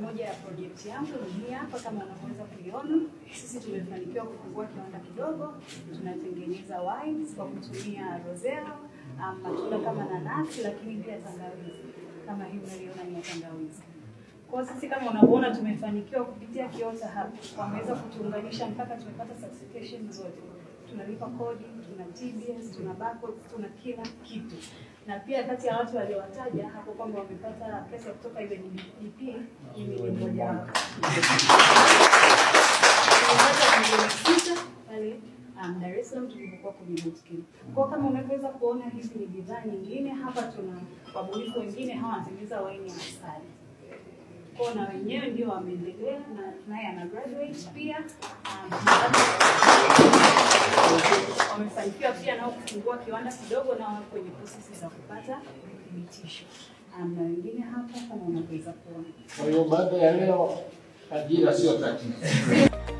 moja ya projekti yangu ni hii hapa, kama unaweza kuiona. Sisi tumefanikiwa kufungua kiwanda kidogo, tunatengeneza wines kwa kutumia rosella, um, matunda kama nanasi, lakini pia tangawizi kama hii unaiona ni tangawizi. Kwa sisi kama unavyoona tumefanikiwa kupitia kiota hapa, wameweza kutuunganisha mpaka tumepata certification zote. Tunalipa kodi, tuna TBS, tuna barcode, tuna kila kitu. Na pia kati ya watu waliowataja hapo kwamba wamepata pesa kutoka ile DP yangu. Dar es Salaam tulipokuwa kwenye bootcamp. Kwa kama unavyoweza kuona hizi ni bidhaa nyingine hapa, tuna wabunifu wengine hawa wanatengeneza waini ya asali. Kwa na wenyewe ndio wameendelea na tunaye ana graduate pia. Um, wamefanikiwa pia nao kufungua kiwanda kidogo na kwenye prosesi za kupata uthibitisho na wengine hapa kama unaweza kuona. Kwa hiyo baada ya leo ajira sio tatizo.